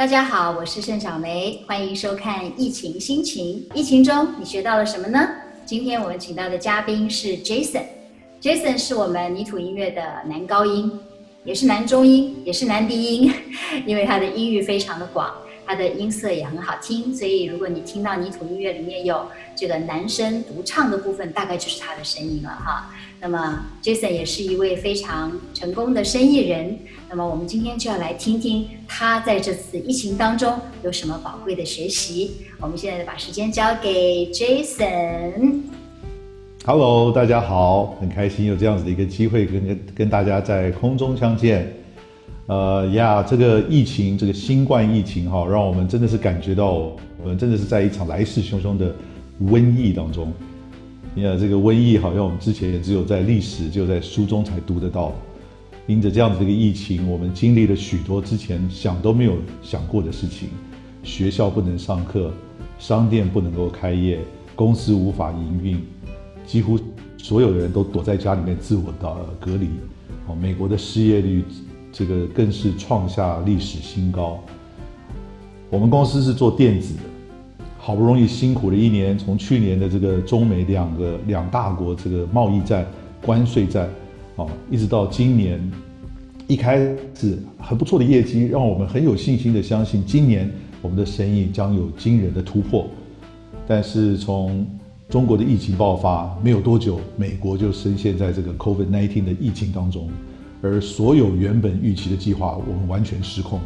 大家好，我是盛曉玫，歡迎收看《疫情心情》。疫情中你學到了什麼呢？今天我們請到的嘉賓是 Jason，Jason Jason 是我們泥土音樂的男高音，也是男中音，也是男低音，因為他的音域非常的廣。他的音色也很好聽，所以如果你聽到《泥土音樂》裡面有這個男聲獨唱的部分，大概就是他的聲音了哈。那麼，Jason 也是一位非常成功的生意人。那麼，我們今天就要來聽聽他在這次疫情當中有什麼寶貴的學習。我們現在把時間交給 Jason。Hello，大家好，很開心有這樣子的一個機會跟跟大家在空中相見。呃呀，這個疫情，這個新冠疫情哈、哦，讓我們真的是感覺到，我們真的是在一場來勢洶洶的瘟疫當中。你看，這個瘟疫好像我們之前也只有在歷史，只有在書中才讀得到。因着這樣子的一個疫情，我們經歷了許多之前想都沒有想過的事情：學校不能上課，商店不能夠開業，公司無法營運，幾乎所有的人都躲在家裡面自我的隔離。哦，美國的失業率。這個更是創下歷史新高。我們公司是做電子的，好不容易辛苦了一年，從去年的這個中美兩個兩大國這個貿易戰、關稅戰，啊，一直到今年一開始很不錯的業績，讓我們很有信心的相信今年我們的生意將有驚人的突破。但是從中國的疫情爆發沒有多久，美國就深陷在這個 COVID-19 的疫情當中。而所有原本預期的計劃，我們完全失控。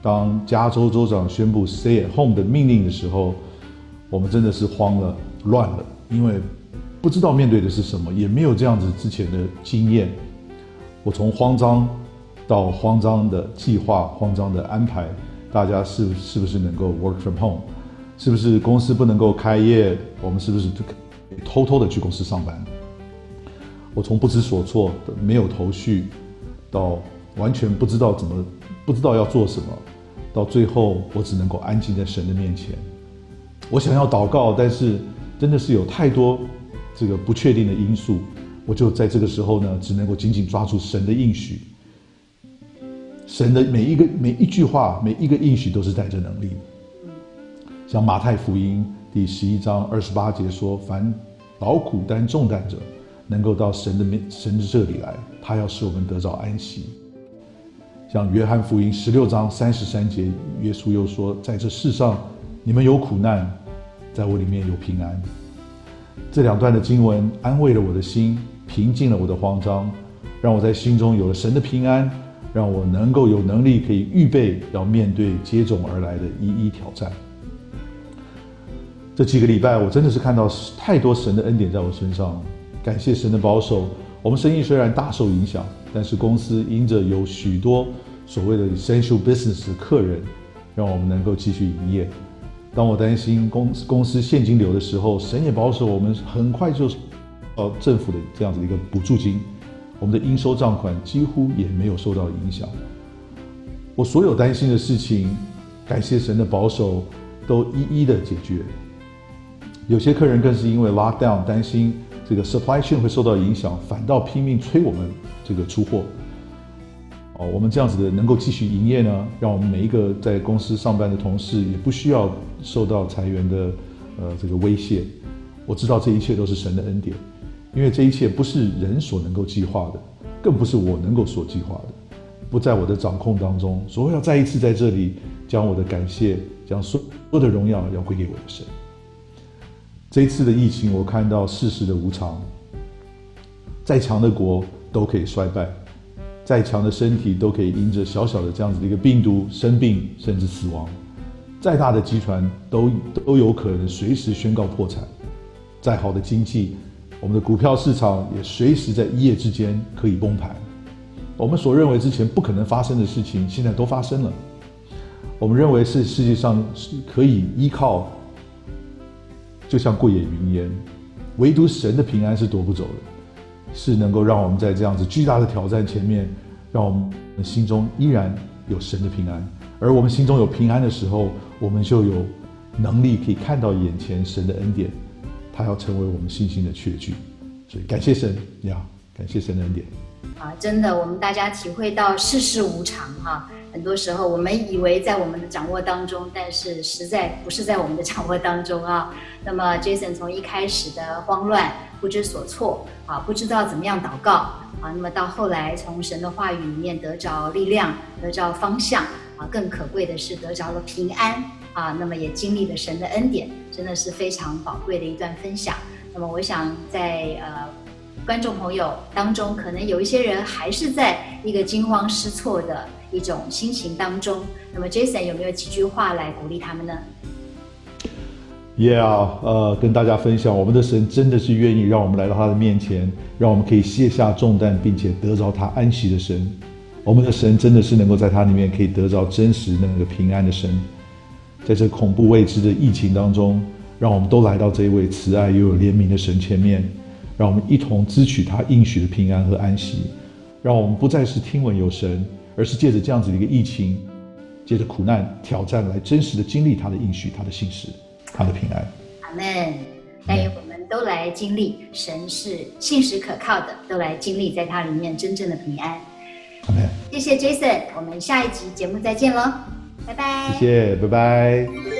當加州州長宣布 “stay at home” 的命令的時候，我們真的是慌了、亂了，因為不知道面對的是什麼，也沒有這樣子之前的經驗。我從慌張到慌張的計劃、慌張的安排，大家是不是是不是能夠 work from home？是不是公司不能夠開業？我們是不是偷偷的去公司上班？我從不知所措、沒有頭緒，到完全不知道怎麼、不知道要做什麼，到最後我只能夠安靜在神的面前。我想要禱告，但是真的是有太多這個不確定的因素，我就在這個時候呢，只能夠緊緊抓住神的應許。神的每一個、每一句話、每一個應許都是帶着能力的。像馬太福音第十一章二十八節說：“凡勞苦擔重擔者。”能夠到神的面、神的這裡來，他要使我們得着安息。像約翰福音十六章三十三節，耶穌又說：“在這世上，你們有苦難，在我裡面有平安。”這兩段的經文安慰了我的心，平靜了我的慌張，讓我在心中有了神的平安，讓我能夠有能力可以預備要面對接踵而來的一一挑戰。這幾個禮拜，我真的是看到太多神的恩典在我身上。感謝神的保守，我們生意雖然大受影響，但是公司因着有許多所謂的 essential business 客人，讓我們能夠繼續營業。當我擔心公公司現金流的時候，神也保守我們，很快就呃政府的這樣子一個補助金，我們的應收賬款幾乎也沒有受到影響。我所有擔心的事情，感謝神的保守，都一一的解決。有些客人更是因為 lockdown 擔心。這個 supply chain 會受到影響，反倒拼命催我們這個出貨。哦，我們這樣子的能夠繼續營業呢、啊，讓我們每一個在公司上班的同事也不需要受到裁員的呃這個威脅。我知道這一切都是神的恩典，因為這一切不是人所能夠計劃的，更不是我能夠所計劃的，不在我的掌控當中。所以要再一次在這裡將我的感謝，將所有的榮耀要歸給我的神。這次的疫情，我看到世事的無常。再強的國都可以衰敗，再強的身體都可以因着小小的這樣子的一個病毒生病甚至死亡，再大的集團都都有可能隨時宣告破產，再好的經濟，我們的股票市場也隨時在一夜之間可以崩盤。我們所認為之前不可能發生的事情，現在都發生了。我們認為是世界上是可以依靠。就像過眼雲煙，唯獨神的平安是奪不走的，是能夠讓我們在這樣子巨大的挑戰前面，讓我們心中依然有神的平安。而我們心中有平安的時候，我們就有能力可以看到眼前神的恩典，它要成為我們信心的確據。所以感謝神呀，感謝神的恩典。啊，真的，我們大家體會到世事無常哈、啊。很多時候，我們以為在我們的掌握當中，但是實在不是在我們的掌握當中啊。那麼，Jason 從一開始的慌亂、不知所措啊，不知道怎麼樣禱告啊，那麼到後來從神的話語裡面得着力量、得着方向啊，更可貴的是得着了平安啊。那麼也經歷了神的恩典，真的是非常寶貴的一段分享。那麼，我想在呃。觀眾朋友當中，可能有一些人還是在一個驚慌失措的一種心情當中。那麼，Jason 有沒有幾句話來鼓勵他們呢？Yeah，呃，跟大家分享，我們的神真的是願意讓我們來到他的面前，讓我們可以卸下重擔，並且得着他安息的神。我們的神真的是能夠在他裡面可以得着真實的那個平安的神。在這恐怖未知的疫情當中，讓我們都來到這一位慈愛又有憐憫的神前面。讓我們一同支取他應許的平安和安息，讓我們不再是聽聞有神，而是借着這樣子的一個疫情，借着苦難挑戰來真實的經歷他的應許、他的信實、他的平安。阿們，但願我們都來經歷神是信實可靠的，都來經歷在他裡面真正的平安。阿門。謝謝 Jason，我們下一集節目再見嘍，拜拜。謝謝，拜拜。